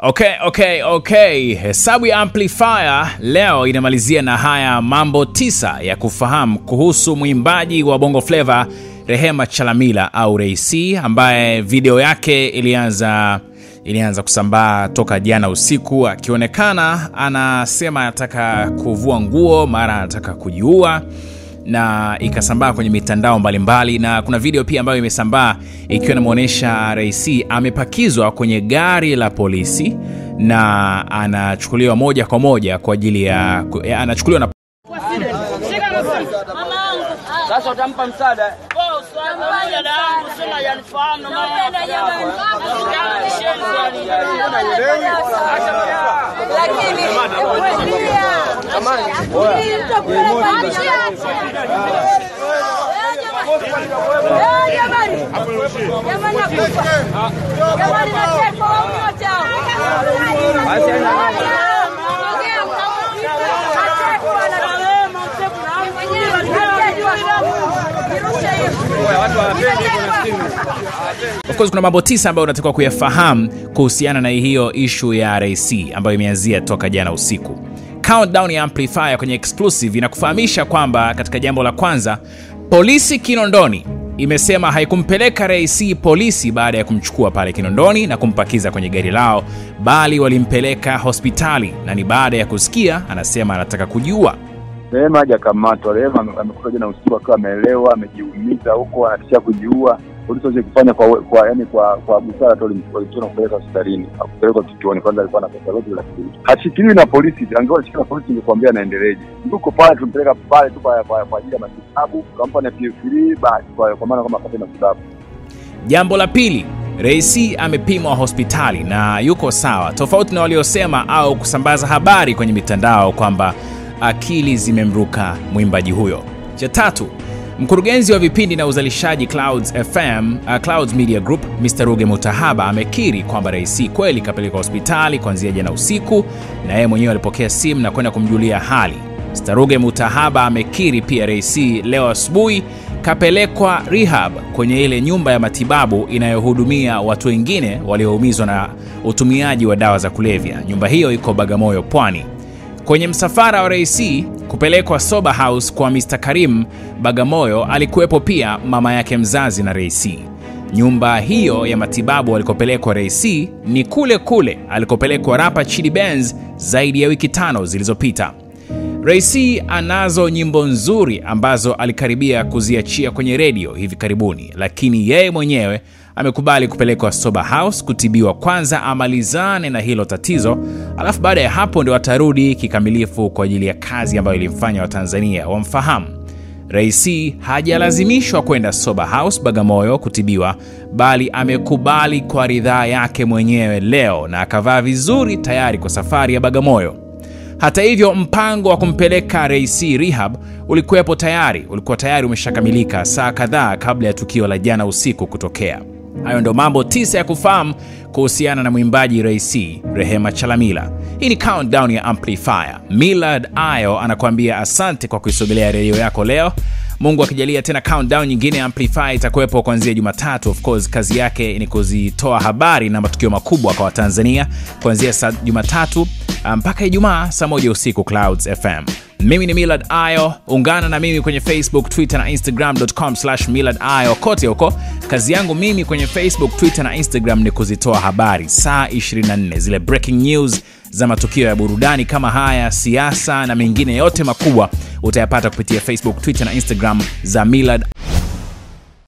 Okay, okay, okay. Hesabu ya Amplifier leo inamalizia na haya mambo tisa ya kufahamu kuhusu mwimbaji wa Bongo fleva Rehema Chalamila au reisi ambaye video yake ilianza ilianza kusambaa toka jana usiku, akionekana anasema anataka kuvua nguo, mara anataka kujiua na ikasambaa kwenye mitandao mbalimbali mbali, na kuna video pia ambayo imesambaa ikiwa inamwonyesha rais amepakizwa kwenye gari la polisi na anachukuliwa moja kwa moja kwa ajili ya eh, anachukuliwa na sasa utampa msaada Of course kuna mambo tisa ambayo unatakiwa kuyafahamu kuhusiana na hiyo ishu ya rac ambayo imeanzia toka jana usiku. Countdown ya Amplifier kwenye exclusive inakufahamisha kwamba katika jambo la kwanza, polisi Kinondoni imesema haikumpeleka Rais polisi baada ya kumchukua pale Kinondoni na kumpakiza kwenye gari lao, bali walimpeleka hospitali na ni baada ya kusikia anasema anataka kujua Rehema hajakamatwa. Rehema amekuja jana usiku akiwa ameelewa, amejiumiza huko, anatishia kujiua polisi kufanya kwa kwa yani kwa kwa busara tu walichukua na kupeleka hospitalini, akupelekwa kituoni, kwanza alikuwa na pesa zote lakini kitu. Hashikiliwi na polisi, angekuwa shikiliwa na polisi ingekuambia anaendeleje. Yuko pale, tumpeleka pale tu kwa kwa ajili ya matibabu, tukampa na PF3 basi, kwa kwa maana kama kapata matibabu. Jambo la pili Raisi amepimwa hospitali na yuko sawa, tofauti na waliosema au kusambaza habari kwenye mitandao kwamba akili zimemruka mwimbaji huyo. Cha tatu, Mkurugenzi wa vipindi na uzalishaji Clouds FM, uh, Clouds Media Group, Mr. Ruge Mutahaba amekiri kwamba Rais kweli kapelekwa hospitali kuanzia jana usiku na yeye mwenyewe alipokea simu na kwenda kumjulia hali. Mr. Ruge Mutahaba amekiri pia Rais leo asubuhi kapelekwa rehab kwenye ile nyumba ya matibabu inayohudumia watu wengine walioumizwa na utumiaji wa dawa za kulevya. Nyumba hiyo iko Bagamoyo, Pwani. Kwenye msafara wa rais kupelekwa Sober House kwa Mr. Karim Bagamoyo alikuwepo pia mama yake mzazi na rais. Nyumba hiyo ya matibabu alikopelekwa rais ni kule kule alikopelekwa rapa Chidi Benz zaidi ya wiki tano zilizopita. Rais anazo nyimbo nzuri ambazo alikaribia kuziachia kwenye redio hivi karibuni, lakini yeye mwenyewe amekubali kupelekwa sober house kutibiwa kwanza, amalizane na hilo tatizo, alafu baada ya hapo ndio atarudi kikamilifu kwa ajili ya kazi ambayo ilimfanya Watanzania wamfahamu. Raisi hajalazimishwa kwenda sober house Bagamoyo kutibiwa, bali amekubali kwa ridhaa yake mwenyewe leo na akavaa vizuri tayari kwa safari ya Bagamoyo. Hata hivyo, mpango wa kumpeleka Raisi rehab ulikuwepo tayari, ulikuwa tayari umeshakamilika saa kadhaa kabla ya tukio la jana usiku kutokea. Hayo ndo mambo tisa ya kufahamu kuhusiana na mwimbaji rais Rehema Chalamila. Hii ni countdown ya Amplifier. Millard Ayo anakuambia asante kwa kuisogelea redio yako leo. Mungu akijalia tena countdown nyingine Amplify itakuwepo kuanzia Jumatatu. Of course kazi yake ni kuzitoa habari na matukio makubwa kwa Watanzania kuanzia Jumatatu ah, mpaka Ijumaa saa moja usiku Clouds FM. Mimi ni Millard Ayo, ungana na mimi kwenye Facebook, Twitter na Instagram.com/millardayo kote huko Kazi yangu mimi kwenye Facebook, Twitter na Instagram ni kuzitoa habari saa 24 zile breaking news za matukio ya burudani kama haya, siasa na mengine yote makubwa utayapata kupitia Facebook, Twitter na Instagram za milad